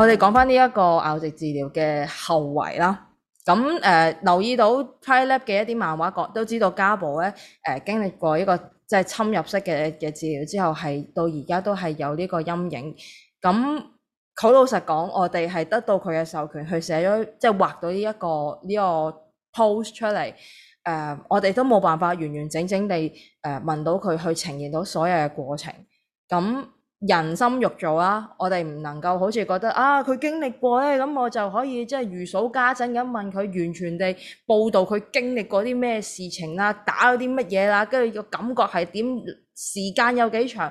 我哋講返呢一個拗直治、治療嘅後遺啦，咁誒、呃、留意到《PrideLab》嘅一啲漫畫角，都知道家寶咧誒經歷過一個即係侵入式嘅嘅治療之後，係到而家都係有呢個陰影。咁好老實講，我哋係得到佢嘅授權去寫咗，即、就、係、是、畫到呢、這、一個呢、這個 post 出嚟。誒、呃，我哋都冇辦法完完整整地誒問到佢去呈現到所有嘅過程。咁人心肉做啊，我哋唔能夠好似覺得啊佢經歷過咧，咁我就可以即係如數家珍咁問佢，完全地報道佢經歷過啲咩事情啊，打咗啲乜嘢啦，跟住個感覺係點，時間有幾長，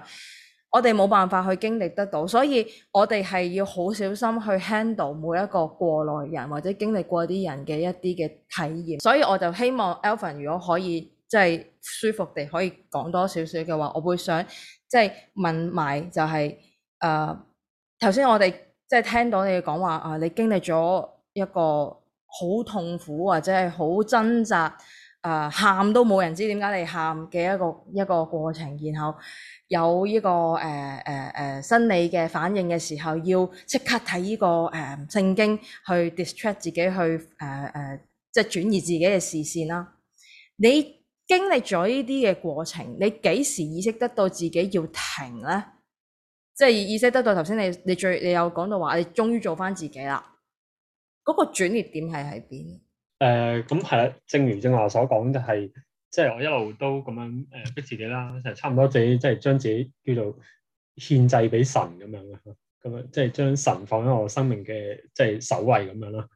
我哋冇辦法去經歷得到，所以我哋係要好小心去 handle 每一個過來人或者經歷過啲人嘅一啲嘅體驗，所以我就希望 Alvin 如果可以。即係舒服地可以講多少少嘅話，我會想即係問埋就係誒頭先我哋即係聽到你講話啊、呃，你經歷咗一個好痛苦或者係好掙扎，誒、呃、喊都冇人知點解你喊嘅一個一個過程，然後有呢個誒誒誒生理嘅反應嘅時候，要即刻睇呢、這個誒聖、呃、經去 distract 自己去誒誒、呃呃，即係轉移自己嘅視線啦，你。經歷咗呢啲嘅過程，你幾時意識得到自己要停咧？即係意識得到頭先你你最你有講到話，你終於做翻自己啦。嗰、那個轉捩點係喺邊？誒、呃，咁係啦，正如正話所講，就係即係我一路都咁樣誒、呃、逼自己啦，就係差唔多自己即係將自己叫做獻祭俾神咁樣啦，咁啊即係將神放喺我生命嘅即係首位咁樣啦。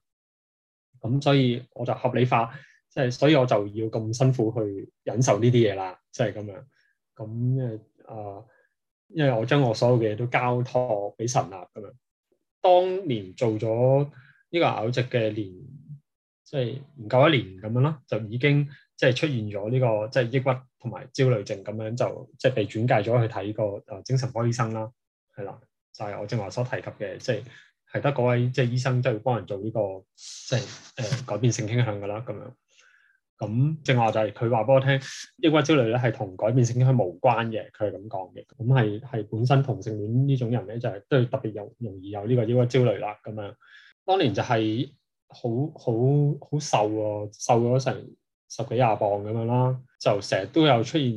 咁所以我就合理化。即係所以我就要咁辛苦去忍受呢啲嘢啦，即係咁樣咁誒啊，因為我將我所有嘅嘢都交託俾神啊咁樣。當年做咗呢個癌症嘅年，即係唔夠一年咁樣啦，就已經即係出現咗呢個即係抑鬱同埋焦慮症咁樣就，就即係被轉介咗去睇個誒精神科醫生啦，係啦，就係我正話所提及嘅，即係係得嗰位即係醫生即係會幫人做呢個即係誒改變性傾向嘅啦，咁樣。咁正話就係佢話俾我聽，抑鬱焦慮咧係同改變性向無關嘅，佢係咁講嘅。咁係係本身同性戀呢種人咧，就係、係、都特別容容易有呢個抑鬱焦慮啦。咁樣，當年就係好好好瘦喎、哦，瘦咗成十幾廿磅咁樣啦，就成日都有出現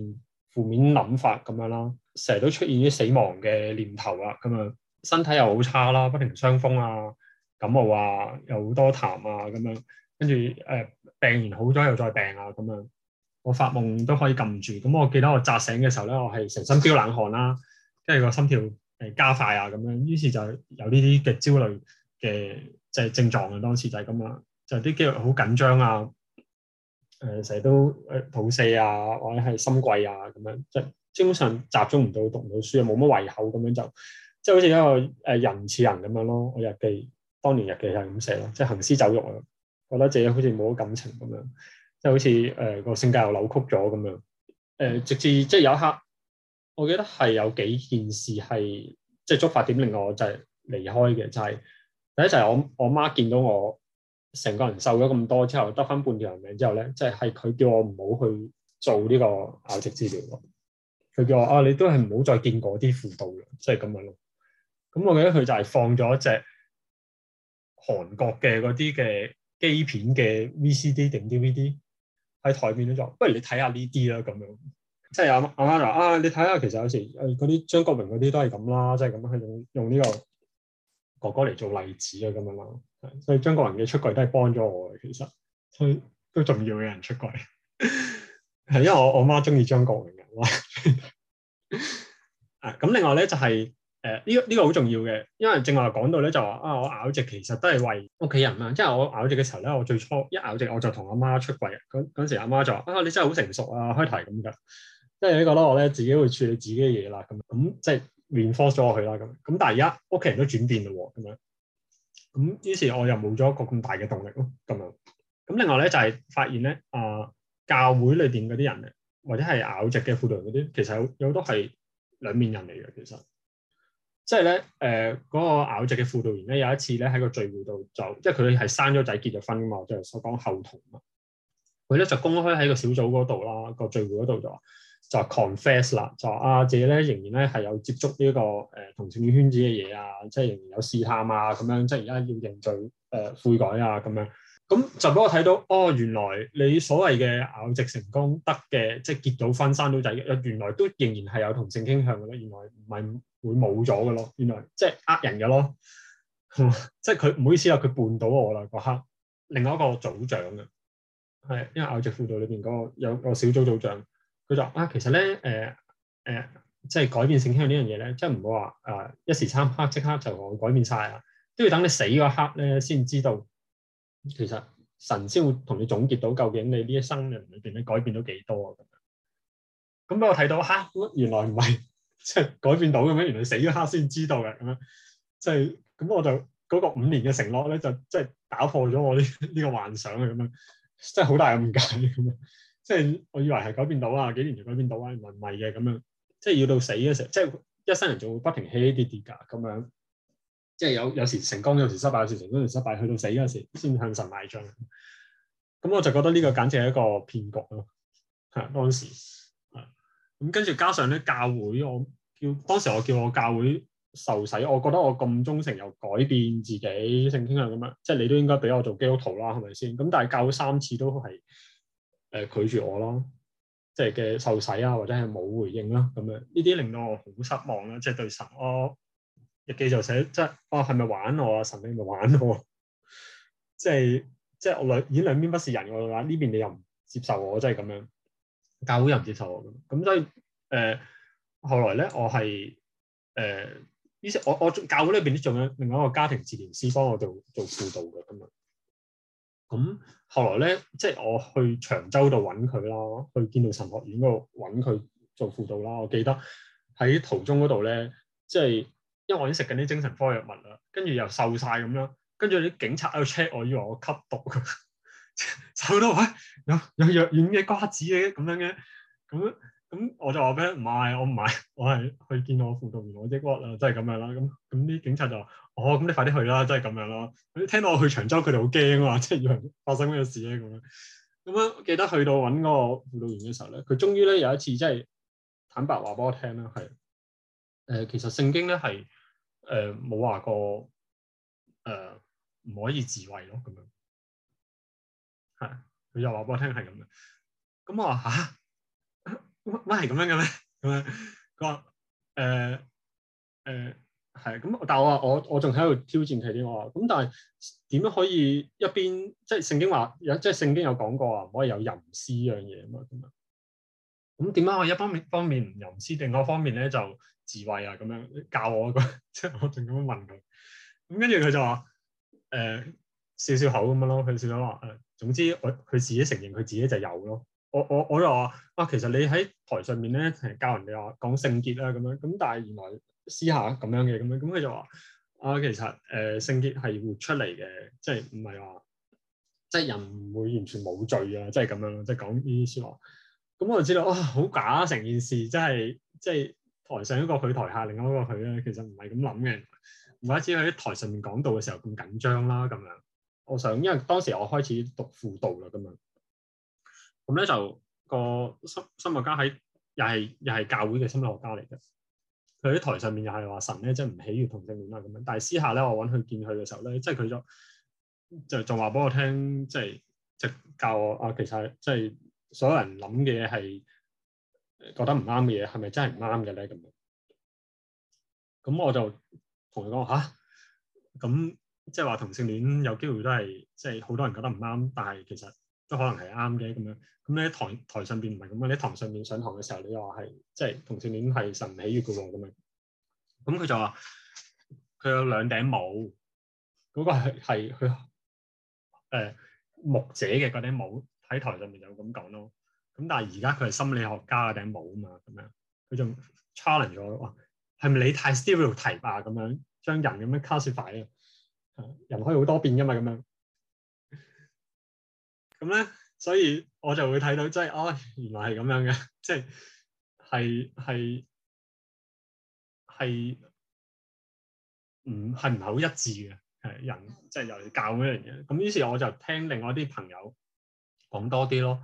負面諗法咁樣啦，成日都出現啲死亡嘅念頭啊咁樣，身體又好差啦，不停傷風啊、感冒啊，又好多痰啊咁樣。跟住誒，病完好咗又再病啊，咁樣我發夢都可以撳住。咁我記得我扎醒嘅時候咧，我係成身飆冷汗啦，跟住個心跳誒加快啊，咁樣。於是就有呢啲嘅焦慮嘅即係症狀啊。當時就係咁樣，就啲肌肉好緊張啊，誒成日都誒、呃、肚屙啊，或者係心悸啊，咁樣即係、就是、基本上集中唔到讀唔到書啊，冇乜胃口咁樣就即係好似一個誒、呃、人唔似人咁樣咯。我日記當年日記係咁寫咯，即、就、係、是、行屍走肉啊～覺得自己好似冇咗感情咁樣，即、就、係、是、好似誒個性格又扭曲咗咁樣。誒、呃、直至即係、就是、有一刻，我記得係有幾件事係即係觸發點令我就係離開嘅，就係第一就係、是、我我媽見到我成個人瘦咗咁多之後，得返半條人命之後咧，即係係佢叫我唔好去做呢個拗直治療。佢叫我啊，你都係唔好再見嗰啲輔導嘅，即係咁樣咯。咁我記得佢就係放咗隻韓國嘅嗰啲嘅機片嘅 VCD 定 DVD 喺台面度做，不如你睇下呢啲啦。咁樣即係阿媽阿媽啊，你睇下，其實有時誒嗰啲張國榮嗰啲都係咁啦，即係咁樣去用用呢個哥哥嚟做例子啊，咁樣咯，所以張國榮嘅出櫃都係幫咗我嘅，其實都都重要嘅人出櫃，係 因為我我媽中意張國榮嘅，啊 咁另外咧就係、是。誒呢、呃這個呢、這個好重要嘅，因為正話講到咧，就話啊，我拗直其實都係為屋企人啦。即係我拗直嘅時候咧，我最初一拗直我就同阿媽出櫃。嗰嗰陣時阿媽就話：啊，你真係好成熟啊，開頭咁嘅。即係呢個咧，覺得我咧自己會處理自己嘅嘢啦。咁咁即係 reinforce 咗我佢啦。咁咁但係而家屋企人都轉變啦喎。咁樣咁於是我又冇咗一個咁大嘅動力咯。咁樣咁另外咧就係、是、發現咧啊、呃，教會裏邊嗰啲人，或者係拗直嘅輔導嗰啲，其實有好多係兩面人嚟嘅，其實。即係咧，誒、呃、嗰、那個拗直嘅輔導員咧，有一次咧喺個聚會度就，即係佢哋係生咗仔結咗婚嘛，就係所講後同嘛。佢咧就公開喺個小組嗰度啦，那個聚會嗰度就就 confess 啦，就阿、啊、姐咧仍然咧係有接觸呢、這個誒、呃、同性圈子嘅嘢啊，即係仍然有試探啊咁樣，即係而家要認罪誒、呃、悔改啊咁樣。咁就俾我睇到，哦原來你所謂嘅拗直成功得嘅，即係結到婚生到仔，原來都仍然係有同性傾向嘅咯，原來唔係。會冇咗嘅咯，原來即係呃人嘅咯，嗯、即係佢唔好意思啊，佢絆倒我啦嗰刻。另外一個組長嘅，係因為偶像輔導裏邊嗰個有個小組組長，佢就啊，其實咧誒誒，即係改變性向呢樣嘢咧，即係唔好話啊一時三刻即刻就改變晒啊，都要等你死嗰刻咧先知道，其實神先會同你總結到究竟你呢一生人裏邊咧改變咗幾多啊咁樣。咁我睇到嚇、啊，原來唔係。即係改變到咁樣，原來死嗰刻先知道嘅咁樣，即係咁我就嗰個五年嘅承諾咧，就即係打破咗我呢呢個幻想嘅咁樣，即係好大嘅誤解咁樣。即係我以為係改變到啊，幾年就改變到啊，唔係唔係嘅咁樣。即係要到死嘅時候，即係一生人仲會不停起起跌跌噶咁樣。即係有有時成功，有時失敗，有時成功，有時失敗，去到死嗰時先向神埋賬。咁我就覺得呢個簡直係一個騙局咯。吓、啊，當時。咁跟住加上呢教會，我叫當時我叫我教會受洗，我覺得我咁忠誠又改變自己，性傾向咁樣，即係你都應該俾我做基督徒啦，係咪先？咁但係教會三次都係誒拒絕我咯，即係嘅受洗啊，或者係冇回應啦，咁樣呢啲令到我好失望啦，即係對神，我、哦、日記就寫即係，哦係咪玩我啊？神你咪玩我，玩我 即係即係我兩已經兩邊不是人我啦，呢邊你又唔接受我，即係咁樣。教會又唔接受我咁，咁所以誒、呃，後來咧，我係誒，於是，呃、是我我，我教會裏邊咧，仲有另外一個家庭治療師幫我做做輔導嘅咁啊。咁、嗯、後來咧，即係我去長洲度揾佢啦，去見到神學院度揾佢做輔導啦。我記得喺途中嗰度咧，即係因為我已經食緊啲精神科藥物啦，跟住又瘦晒咁樣，跟住啲警察喺度 check 我，以為我吸毒。收到喂，有有藥丸嘅瓜子嘅咁樣嘅，咁咁我就話俾佢唔係，我唔買，我係去見我輔導員，我抑鬱啊，即係咁樣啦。咁咁啲警察就話，哦，咁你快啲去啦，即係咁樣啦。聽到我去長洲，佢哋好驚啊，即係以為發生咩事咧咁樣，樣。咁樣記得去到搵嗰個輔導員嘅時候咧，佢終於咧有一次即係坦白話俾我聽啦，係誒、呃，其實聖經咧係誒冇話過誒唔可以自慰咯，咁樣。係，佢又話俾我聽係咁嘅，咁我話吓，乜係咁樣嘅咩？咁樣，佢話誒誒係，咁但係我話我我仲喺度挑戰佢啲，我話咁但係點樣可以一邊即係聖經話有，即係聖經有講過啊，唔可以有淫私呢樣嘢啊嘛，咁樣，咁點解我一方面方面唔淫私，另一方面咧就智慧啊咁樣教我個，即 係我仲咁問佢，咁跟住佢就話誒。呃笑笑口咁樣咯，佢笑想話誒，總之我佢自己承認佢自己就有咯。我我我就話啊，其實你喺台上面咧，成日教人哋話講聖潔啦、啊，咁樣咁，但係原來私下咁樣嘅咁樣，咁佢就話啊，其實誒、呃、聖潔係活出嚟嘅，即係唔係話即係人唔會完全冇罪啊，即係咁樣即係講呢啲説話。咁我就知道啊，好假成件事，即係即係台上一個佢，台下另一個佢咧，其實唔係咁諗嘅。唔怪得之佢喺台上面講到嘅時候咁緊張啦、啊，咁樣。我想，因為當時我開始讀輔導啦，咁樣，咁咧就嗰個心心理家喺，又係又係教會嘅心理學家嚟嘅。佢喺台上面又係話神咧，即係唔喜悅同性戀啊咁樣。但係私下咧，我揾佢見佢嘅時候咧，即係佢就就仲話俾我聽，即係就係就係、教我啊，其實即係所有人諗嘅嘢係覺得唔啱嘅嘢，係咪真係唔啱嘅咧？咁樣，咁我就同佢講嚇，咁、啊。即係話同性戀有機會都係，即係好多人覺得唔啱，但係其實都可能係啱嘅咁樣。咁你喺台台上邊唔係咁嘅，你喺台上面上堂嘅時候你又話係，即係同性戀係神唔喜悅嘅喎咁樣。咁佢就話佢有兩頂帽，嗰、嗰個係係佢誒牧者嘅嗰頂帽喺台上面就咁講咯。咁但係而家佢係心理學家嘅頂帽啊嘛咁樣，佢就 challenge 咗話係咪你太 stereotype 啊咁樣將人咁樣 classify 人可以好多變噶嘛，咁樣咁咧，所以我就會睇到、就是，即係哦，原來係咁樣嘅，即係係係係唔係唔係好一致嘅，係人即係又要教嗰樣嘢。咁於是我就聽另外啲朋友講多啲咯，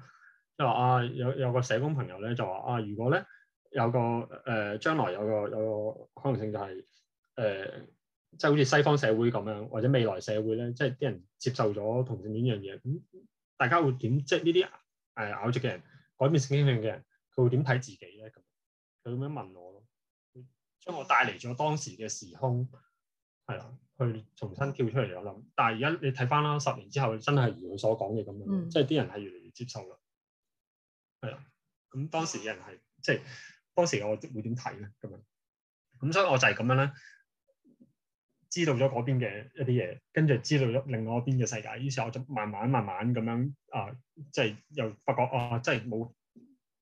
即係話啊，有有個社工朋友咧就話啊，如果咧有個誒將、呃、來有個有個可能性就係、是、誒。呃即係好似西方社會咁樣，或者未來社會咧，即係啲人接受咗同性戀呢樣嘢，咁大家會點？即係呢啲誒拗住嘅人，改變性傾向嘅人，佢會點睇自己咧？咁佢咁樣問我咯，將我帶嚟咗當時嘅時空，係啦，去重新跳出嚟我諗。但係而家你睇翻啦，十年之後真係如佢所講嘅咁樣，嗯、即係啲人係越嚟越接受啦。係啦，咁當時嘅人係即係當時我會點睇咧？咁樣咁所以我就係咁樣啦。知道咗嗰邊嘅一啲嘢，跟住知道咗另外一邊嘅世界，於是我就慢慢慢慢咁樣啊，即、呃、係、就是、又發覺啊，即係冇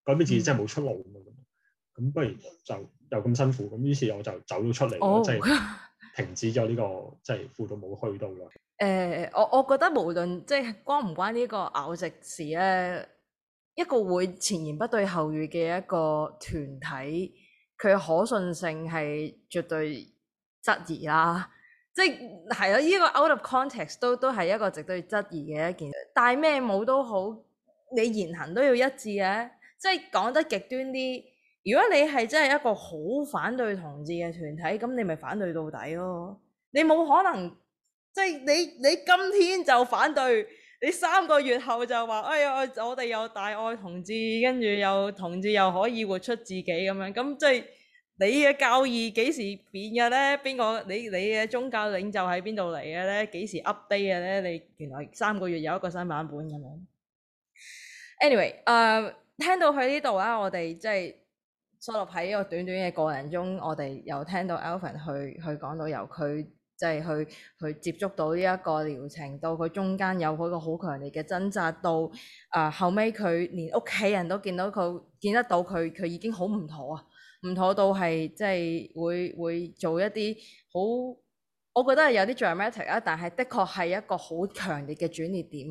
嗰邊自己真係冇出路咁、嗯、不如就又咁辛苦，咁於是我就走咗出嚟，即係、哦、停止咗呢、這個即係輔導冇去到咯。誒、 呃，我我覺得無論即係關唔關個直呢個咬食事咧，一個會前言不對後語嘅一個團體，佢可信性係絕對質疑啦。即係啊，呢個 out of context 都都係一個值得質疑嘅一件事。戴咩帽都好，你言行都要一致嘅，啊。即係講得極端啲，如果你係真係一個好反對同志嘅團體，咁你咪反對到底咯，啊。你冇可能，即係你你今天就反對，你三個月後就話，哎呀，我哋有大愛同志，跟住又同志又可以活出自己咁樣，咁即係。你嘅教義幾時變嘅咧？邊個你你嘅宗教領袖喺邊度嚟嘅咧？幾時 update 嘅咧？你原來三個月有一個新版本咁樣。Anyway，誒、呃、聽到佢呢度啦，我哋即係坐落喺個短短嘅過程中，我哋又聽到 Alvin 去去，去講到由佢即係去去接觸到呢一個療程，到佢中間有嗰個好強烈嘅掙扎，到誒、呃、後尾佢連屋企人都見到佢見得到佢，佢已經好唔妥啊！唔妥到係即係會會做一啲好，我覺得係有啲 dramatic 啊，但係的確係一個好強烈嘅轉捩點，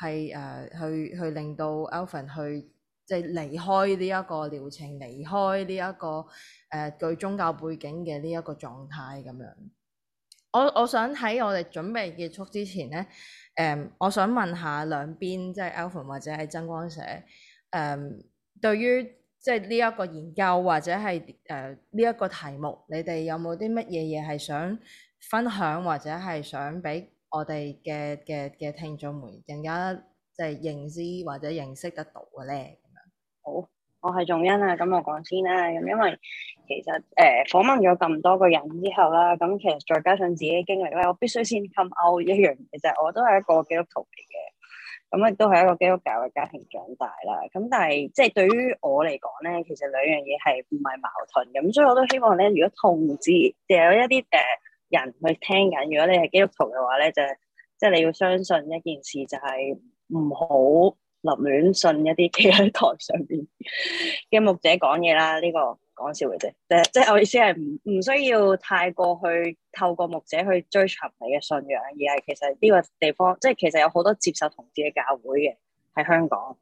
係誒、呃、去去令到 Alvin 去即係、就是、離開呢一個療程，離開呢、這、一個誒具、呃、宗教背景嘅呢一個狀態咁樣。我我想喺我哋準備結束之前咧，誒、呃、我想問下兩邊，即、就、係、是、Alvin 或者係真光社誒、呃、對於，即係呢一個研究或者係誒呢一個題目，你哋有冇啲乜嘢嘢係想分享或者係想俾我哋嘅嘅嘅聽眾們，更加即係認知或者認識得到嘅咧？好，我係仲欣啊，咁我講先啦。咁因為其實誒訪，呃、問咗咁多個人之後啦，咁其實再加上自己嘅經歷咧，我必須先 come out 一樣嘢就係我都係一個基督徒。咁亦都係一個基督教嘅家庭長大啦。咁但係即係對於我嚟講咧，其實兩樣嘢係唔係矛盾咁，所以我都希望咧，如果同志有一啲誒人去聽緊，如果你係基督徒嘅話咧，就係即係你要相信一件事，就係唔好立亂信一啲企喺台上邊嘅牧者講嘢啦。呢個講笑嘅啫，即係即係我意思係唔唔需要太過去透過牧者去追尋你嘅信仰，而係其實呢個地方，即係其實有好多接受同志嘅教會嘅喺香港。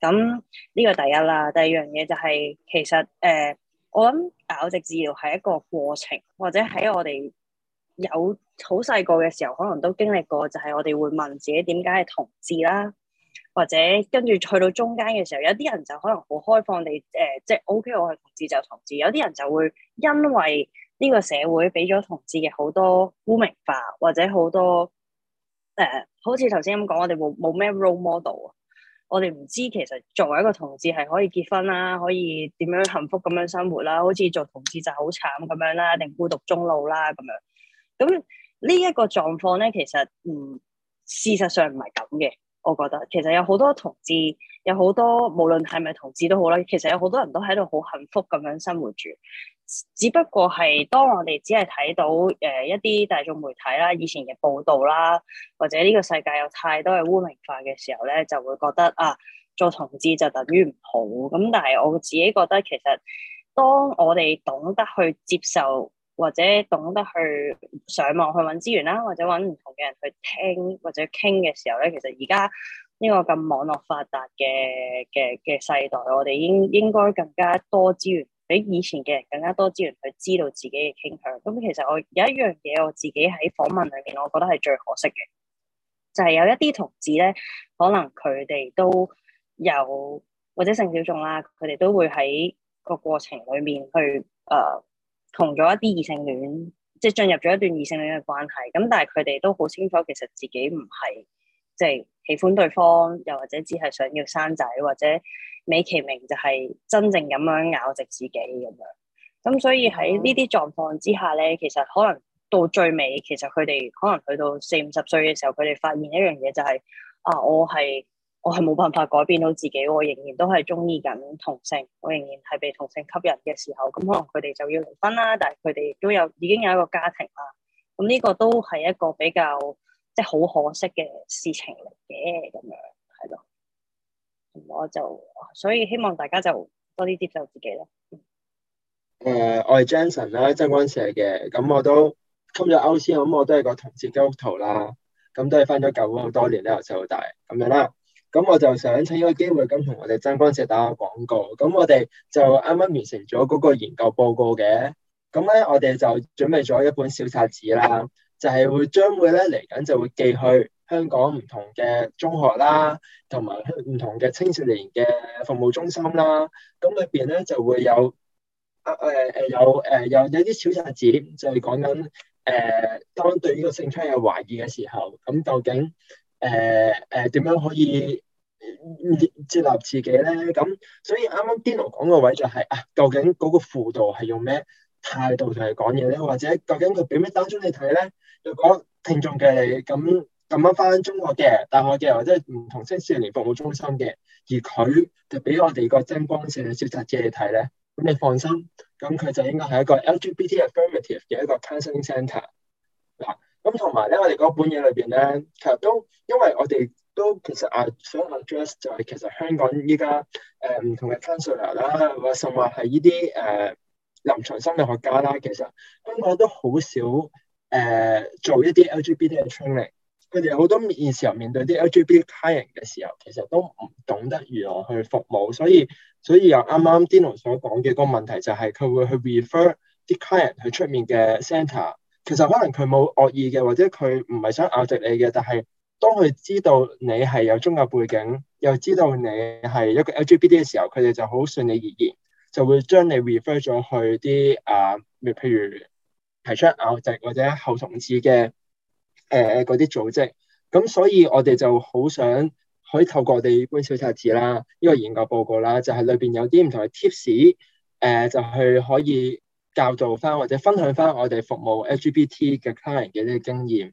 咁呢個第一啦，第二樣嘢就係其實誒，我諗拗直治療係一個過程，或者喺我哋有好細個嘅時候，可能都經歷過，就係我哋會問自己點解係同志啦。或者跟住去到中間嘅時候，有啲人就可能好開放地誒，即係 OK，我係同志就同志。有啲人就會因為呢個社會俾咗同志嘅好多污名化，或者多、呃、好多誒好似頭先咁講，我哋冇冇咩 role model 啊？我哋唔知其實作為一個同志係可以結婚啦，可以點樣幸福咁樣生活啦，好似做同志就好慘咁樣啦，定孤獨終老啦咁樣，咁呢一個狀況咧，其實唔、呃、事實上唔係咁嘅。我覺得其實有好多同志，有好多無論係咪同志都好啦，其實有好多人都喺度好幸福咁樣生活住。只不過係當我哋只係睇到誒一啲大眾媒體啦、以前嘅報道啦，或者呢個世界有太多嘅污名化嘅時候咧，就會覺得啊，做同志就等於唔好。咁但係我自己覺得其實，當我哋懂得去接受，或者懂得去上網去揾資源啦，或者揾唔同嘅人去聽或者傾嘅時候咧，其實而家呢個咁網絡發達嘅嘅嘅世代，我哋應應該更加多資源，比以前嘅人更加多資源去知道自己嘅傾向。咁、嗯、其實我有一樣嘢，我自己喺訪問裏面，我覺得係最可惜嘅，就係、是、有一啲同志咧，可能佢哋都有或者性小眾啦，佢哋都會喺個過程裏面去誒。呃同咗一啲異性戀，即係進入咗一段異性戀嘅關係。咁但係佢哋都好清楚，其實自己唔係即係喜歡對方，又或者只係想要生仔，或者美其名就係真正咁樣拗直自己咁樣。咁所以喺呢啲狀況之下呢，其實可能到最尾，其實佢哋可能去到四五十歲嘅時候，佢哋發現一樣嘢就係、是、啊，我係。我係冇辦法改變到自己，我仍然都係中意緊同性，我仍然係被同性吸引嘅時候，咁可能佢哋就要離婚啦，但係佢哋都有已經有一個家庭啦，咁呢個都係一個比較即係好可惜嘅事情嚟嘅，咁樣係咯，我就所以希望大家就多啲接受自己咯。誒、呃，我係 Jensen 啦，真光社嘅，咁我都今日 out 先，咁我都係個同志基督徒啦，咁都係翻咗舊好多年，由細到大咁樣啦。咁我就想趁呢個機會咁同我哋真光社打下廣告。咁我哋就啱啱完成咗嗰個研究報告嘅。咁咧，我哋就準備咗一本小冊子啦，就係、是、會將會咧嚟緊就會寄去香港唔同嘅中學啦，同埋唔同嘅青少年嘅服務中心啦。咁裏邊咧就會有啊誒、呃、有誒、呃、有一啲小冊子，就係、是、講緊誒、呃、當對呢個性向有懷疑嘅時候，咁究竟誒誒點樣可以，接納自己咧，咁所以啱啱 Dino 講嘅位就係、是、啊，究竟嗰個輔導係用咩態度嚟講嘢咧？或者究竟佢俾咩單張你睇咧，如果聽眾嘅你咁咁啱翻中國嘅、大學嘅或者唔同青少年服務中心嘅，而佢就俾我哋個真光社嘅小冊子你睇咧，咁你放心，咁佢就應該係一個 LGBT affirmative 嘅一個 counseling center 嗱，咁同埋咧我哋嗰本嘢裏邊咧，其實都因為我哋。都其實啊，想 address 就係其實香港依家誒唔同嘅 counselor 啦，或者甚至係依啲誒臨床心理學家啦，其實香港都好少誒、呃、做一啲 LGBT 嘅 training。佢哋好多現時候面對啲 LGBT client 嘅時候，其實都唔懂得如何去服務。所以所以又啱啱 Dino 所講嘅個問題就係、是、佢會去 refer 啲 client 去出面嘅 center 其實可能佢冇惡意嘅，或者佢唔係想拗直你嘅，但係。當佢知道你係有宗教背景，又知道你係一個 LGBT 嘅時候，佢哋就好順利而言，就會將你 refer 咗去啲啊，譬如提出拗直或者後同志嘅誒嗰啲組織。咁所以我哋就好想可以透過我哋呢本小冊子啦，呢、呢個研究報告啦，就係裏邊有啲唔同嘅 tips，誒、呃、就去可以教導翻或者分享翻我哋服務 LGBT 嘅 client 嘅啲經驗。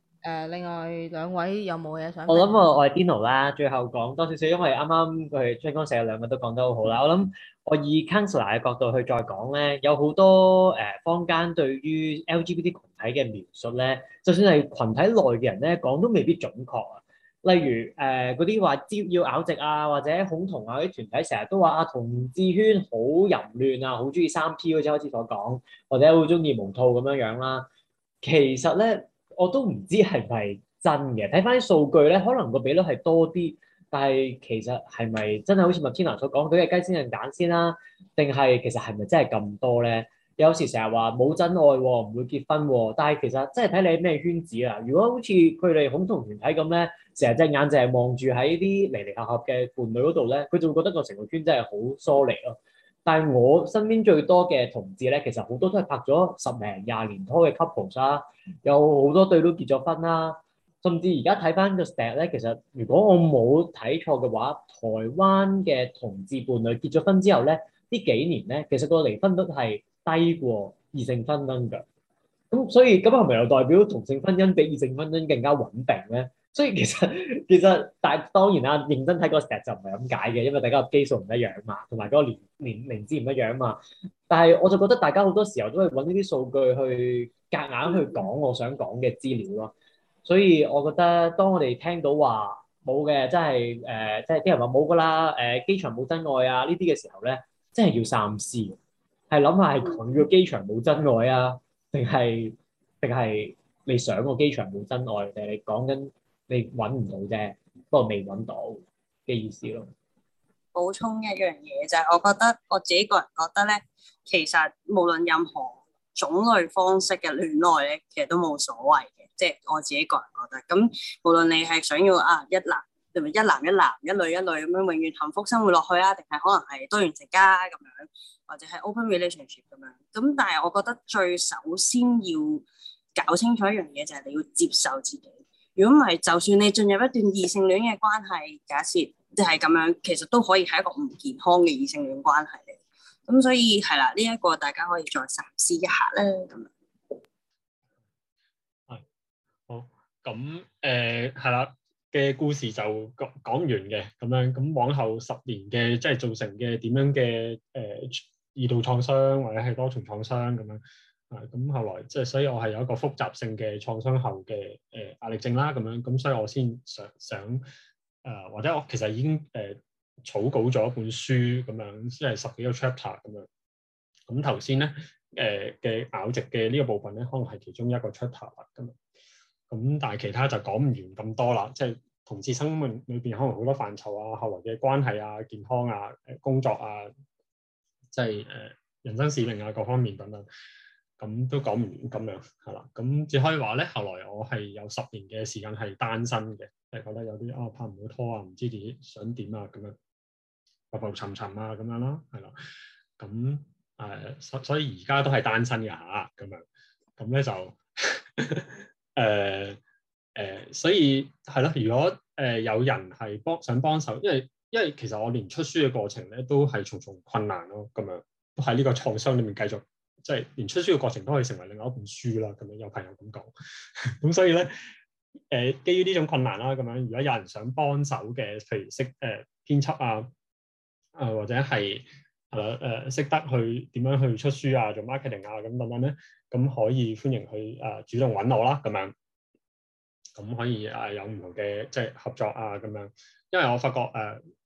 誒，另外兩位有冇嘢想，我想我？我諗我我係 Dino 啦，最後講多少少，因為啱啱佢真光社有兩個都講得好好啦。我諗我以 counselor 嘅角度去再講咧，有好多誒坊間對於 LGBT 群體嘅描述咧，就算係群體內嘅人咧講都未必準確啊。例如誒嗰啲話招要拗直啊，或者恐同啊啲團體成日都話啊同志圈好淫亂啊，好中意三 P 嗰陣，開始所講，或者好中意蒙套咁樣樣啦。其實咧～我都唔知係唔係真嘅，睇翻啲數據咧，可能個比率係多啲，但係其實係咪真係好似馬天娜所講，佢隻雞人先定蛋先啦？定係其實係咪真係咁多咧？有時成日話冇真愛唔、啊、會結婚、啊，但係其實真係睇你咩圈子啊。如果好似佢哋恐同團體咁咧，成日隻眼淨係望住喺啲離離合合嘅伴侶嗰度咧，佢就會覺得個成個圈真係好疏離咯。但係我身邊最多嘅同志咧，其實好多都係拍咗十零廿年拖嘅 couple 啦，有好多對都結咗婚啦，甚至而家睇翻個 stat 咧，其實如果我冇睇錯嘅話，台灣嘅同志伴侶結咗婚之後咧，呢幾年咧，其實個離婚率係低過異性婚姻㗎。咁所以咁係咪又代表同性婚姻比異性婚姻更加穩定咧？所以其實其實，但係當然啦，認真睇個 stat 就唔係咁解嘅，因為大家個基數唔一樣嘛，同埋嗰個年年年資唔一樣嘛。但係我就覺得大家好多時候都係揾呢啲數據去夾硬去講我想講嘅資料咯。所以我覺得當我哋聽到話冇嘅，真係誒、呃，即係啲人話冇㗎啦，誒、呃、機場冇真愛啊呢啲嘅時候咧，真係要三思，係諗下係佢個機場冇真愛啊，定係定係你想個機場冇真愛定係你講緊？你揾唔到啫，不過未揾到嘅意思咯。補充一樣嘢就係，我覺得我自己個人覺得咧，其實無論任何種類方式嘅戀愛咧，其實都冇所謂嘅，即係我自己個人覺得。咁無論你係想要啊一男同埋一男一男一女一女咁樣永遠幸福生活落去啊，定係可能係多元成家咁樣，或者係 open relationship 咁樣。咁但係我覺得最首先要搞清楚一樣嘢，就係你要接受自己。如果唔係，就算你進入一段異性戀嘅關係，假設就係咁樣，其實都可以係一個唔健康嘅異性戀關係嚟。咁所以係啦，呢一個大家可以再反思一下咧。咁樣，係好咁誒，係啦嘅故事就講講完嘅咁樣。咁往後十年嘅，即係造成嘅點樣嘅誒，二度創傷或者係多重創傷咁樣。咁、嗯、後來即係所以我係有一個複雜性嘅創傷後嘅誒、呃、壓力症啦，咁樣咁所以我先想想誒、呃，或者我其實已經誒、呃、草稿咗一本書咁樣，即係十幾個 chapter 咁樣。咁頭先咧誒嘅拗直嘅呢、呃、個部分咧，可能係其中一個 chapter 㗎嘛。咁但係其他就講唔完咁多啦，即係同志生命裏邊可能好多範疇啊，後來嘅關係啊、健康啊、誒工作啊，即係誒、呃、人生使命啊各方面等等。咁都講唔完咁樣，係啦。咁只可以話咧，後來我係有十年嘅時間係單身嘅，即係覺得有啲啊拍唔到拖啊，唔知自己想點啊，咁樣浮浮沉沉啊，咁樣啦，係啦。咁誒，所所以而家都係單身嘅嚇，咁樣。咁咧就誒誒，所以係咯。啊 呃呃、i，如果誒有人係幫想幫手，因為因為其實我連出書嘅過程咧都係重重困難咯，咁樣都喺呢個創傷裏面繼續。即係連出書嘅過程都可以成為另外一本書啦，咁樣有朋友咁講。咁 所以咧，誒，基於呢種困難啦，咁樣如果有人想幫手嘅，譬如識誒編輯啊，啊或者係誒誒識得去點樣去出書啊，做 marketing 啊，咁等等咧，咁可以歡迎佢誒主動揾我啦，咁樣。咁可以誒有唔同嘅即係合作啊，咁樣。因為我發覺誒，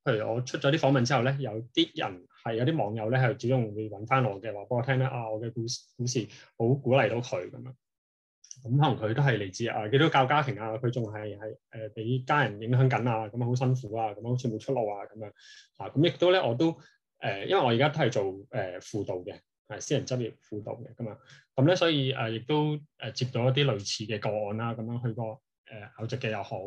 譬如我出咗啲訪問之後咧，有啲人。係有啲網友咧係主動會揾翻我嘅，話俾我聽咧啊，我嘅故事故事好鼓勵到佢咁樣。咁、嗯、可能佢都係嚟自啊，佢都教家庭啊，佢仲係係誒俾家人影響緊啊，咁樣好辛苦啊，咁樣好似冇出路啊咁樣。嚇咁亦都咧，我都誒，因為我而家都係做誒輔、呃、導嘅，係私人執業輔導嘅咁嘛。咁咧所以誒，亦、呃、都誒、呃、接到一啲類似嘅個案啦、啊，咁樣佢個誒拗直嘅又好，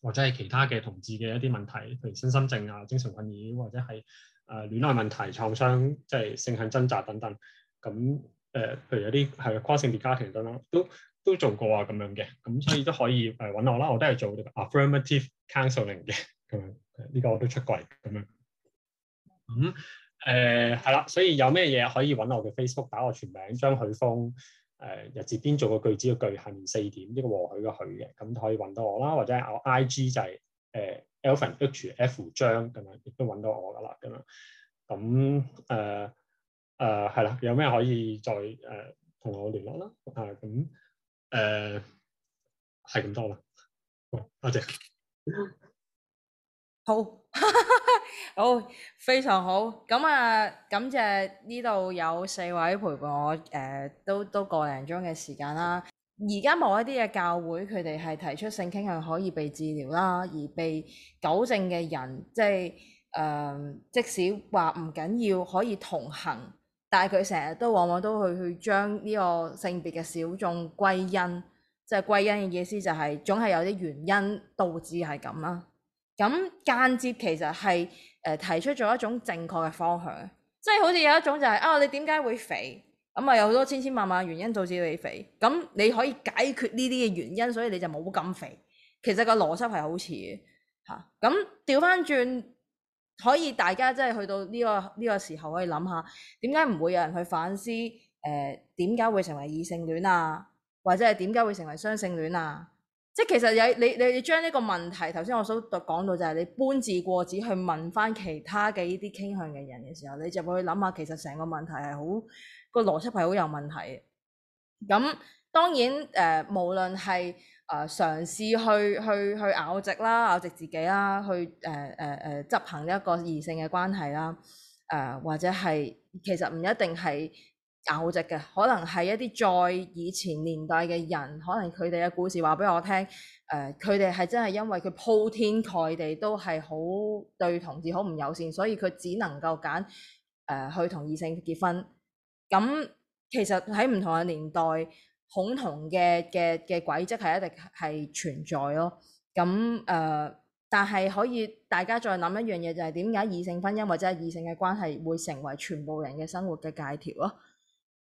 或者係其他嘅同志嘅一啲問題，譬如身心症啊、精神困擾或者係。誒、啊、戀愛問題、創傷、即係性向掙扎等等，咁誒、呃，譬如有啲係跨性別家庭等等，都都做過啊咁樣嘅，咁所以都可以誒揾、呃、我啦，我都係做、這個、affirmative counselling 嘅咁樣，呢、這個我都出櫃咁樣。咁誒係啦，所以有咩嘢可以揾我嘅 Facebook 打我全名張許峰，誒、呃、日字邊做個句子嘅句，下面四點，呢、這個和許嘅許嘅，咁可以揾到我啦，或者我 IG 就係、是、誒。呃 Alvin H F 張咁樣，亦都揾到我噶啦咁樣，咁誒誒係啦，有咩可以再誒同我聯絡啦。啊咁誒係咁多啦，多謝。好，好，非常好。咁啊，感謝呢度有四位陪伴我誒，都都過零鐘嘅時間啦。而家某一啲嘅教會，佢哋係提出性傾向可以被治療啦，而被糾正嘅人，即係誒，即使話唔緊要，可以同行，但係佢成日都往往都去去將呢個性別嘅小眾歸因，即係歸因嘅意思就係總係有啲原因導致係咁啦。咁間接其實係誒提出咗一種正確嘅方向，即係好似有一種就係啊，你點解會肥？咁啊，有好多千千萬萬原因導致你肥，咁你可以解決呢啲嘅原因，所以你就冇咁肥。其實個邏輯係好似嘅嚇。咁調翻轉，可以大家真係去到呢個呢個時候，可以諗下點解唔會有人去反思誒點解會成為異性戀啊，或者係點解會成為雙性戀啊？即係其實有你你你將呢個問題頭先我所講到就係你搬字過紙去問翻其他嘅呢啲傾向嘅人嘅時候，你就會諗下其實成個問題係好。個邏輯係好有問題嘅。咁當然誒、呃，無論係誒、呃、嘗試去去去拗直啦，拗直自己啦，去誒誒誒執行一個異性嘅關係啦，誒、呃、或者係其實唔一定係拗直嘅，可能係一啲再以前年代嘅人，可能佢哋嘅故事話俾我聽，誒佢哋係真係因為佢鋪天蓋地都係好對同志好唔友善，所以佢只能夠揀誒、呃、去同異性結婚。咁，其實喺唔同嘅年代，恐同嘅嘅嘅軌跡係一定係存在咯。咁誒、呃，但係可以大家再諗一樣嘢，就係點解異性婚姻或者係異性嘅關係會成為全部人嘅生活嘅戒條咯？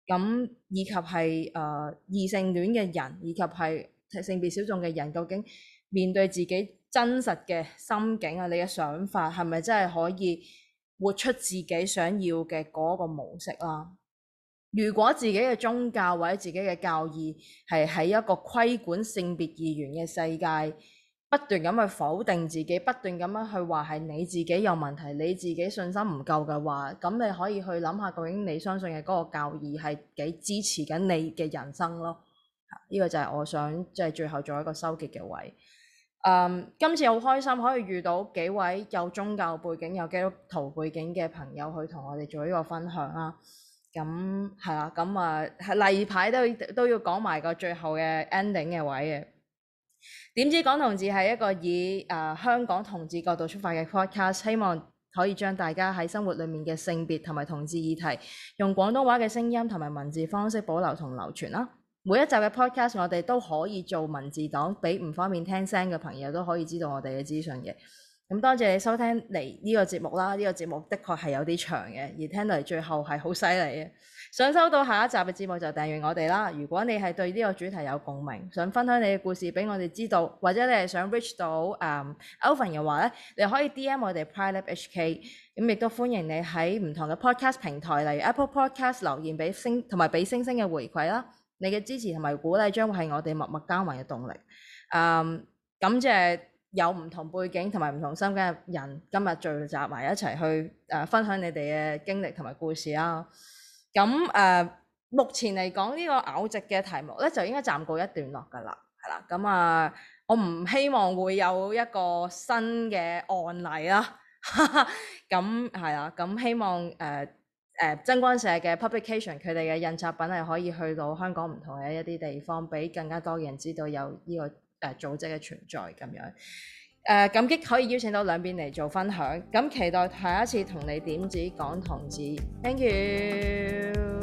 咁以及係誒、呃、異性戀嘅人，以及係性別小眾嘅人，究竟面對自己真實嘅心境啊，你嘅想法係咪真係可以活出自己想要嘅嗰個模式啦？如果自己嘅宗教或者自己嘅教義係喺一個規管性別議題嘅世界，不斷咁去否定自己，不斷咁樣去話係你自己有問題，你自己信心唔夠嘅話，咁你可以去諗下究竟你相信嘅嗰個教義係幾支持緊你嘅人生咯？呢個就係我想即係最後做一個收結嘅位。嗯，今次好開心可以遇到幾位有宗教背景、有基督徒背景嘅朋友去同我哋做呢個分享啦。咁係啦，咁啊、嗯，例牌都都要講埋個最後嘅 ending 嘅位嘅。點知港同志係一個以誒、呃、香港同志角度出發嘅 podcast，希望可以將大家喺生活裡面嘅性別同埋同志議題，用廣東話嘅聲音同埋文字方式保留同流傳啦。每一集嘅 podcast 我哋都可以做文字檔，俾唔方便聽聲嘅朋友都可以知道我哋嘅資訊嘅。咁多謝，謝你收聽嚟呢個節目啦，呢、這個節目的確係有啲長嘅，而聽到嚟最後係好犀利嘅。想收到下一集嘅節目就訂閱我哋啦。如果你係對呢個主題有共鳴，想分享你嘅故事俾我哋知道，或者你係想 reach 到嗯、um,，Alvin 嘅話咧，你可以 D M 我哋 pridelab HK。咁亦都歡迎你喺唔同嘅 podcast 平台例如 Apple Podcast 留言俾星，同埋俾星星嘅回饋啦。你嘅支持同埋鼓勵將會係我哋默默耕耘嘅動力。嗯、um,，感謝。有唔同背景同埋唔同身家嘅人，今日聚集埋一齊去誒分享你哋嘅經歷同埋故事啦。咁誒、呃，目前嚟講呢個拗直嘅題目咧，就應該暫告一段落㗎啦，係啦。咁啊、呃，我唔希望會有一個新嘅案例啦、啊。咁係啦，咁、嗯、希望誒誒真光社嘅 publication 佢哋嘅印刷品係可以去到香港唔同嘅一啲地方，俾更加多嘅人知道有呢、這個。誒、呃、組織嘅存在咁樣，誒感激可以邀請到兩邊嚟做分享，咁期待下一次同你點指講同志，thank you。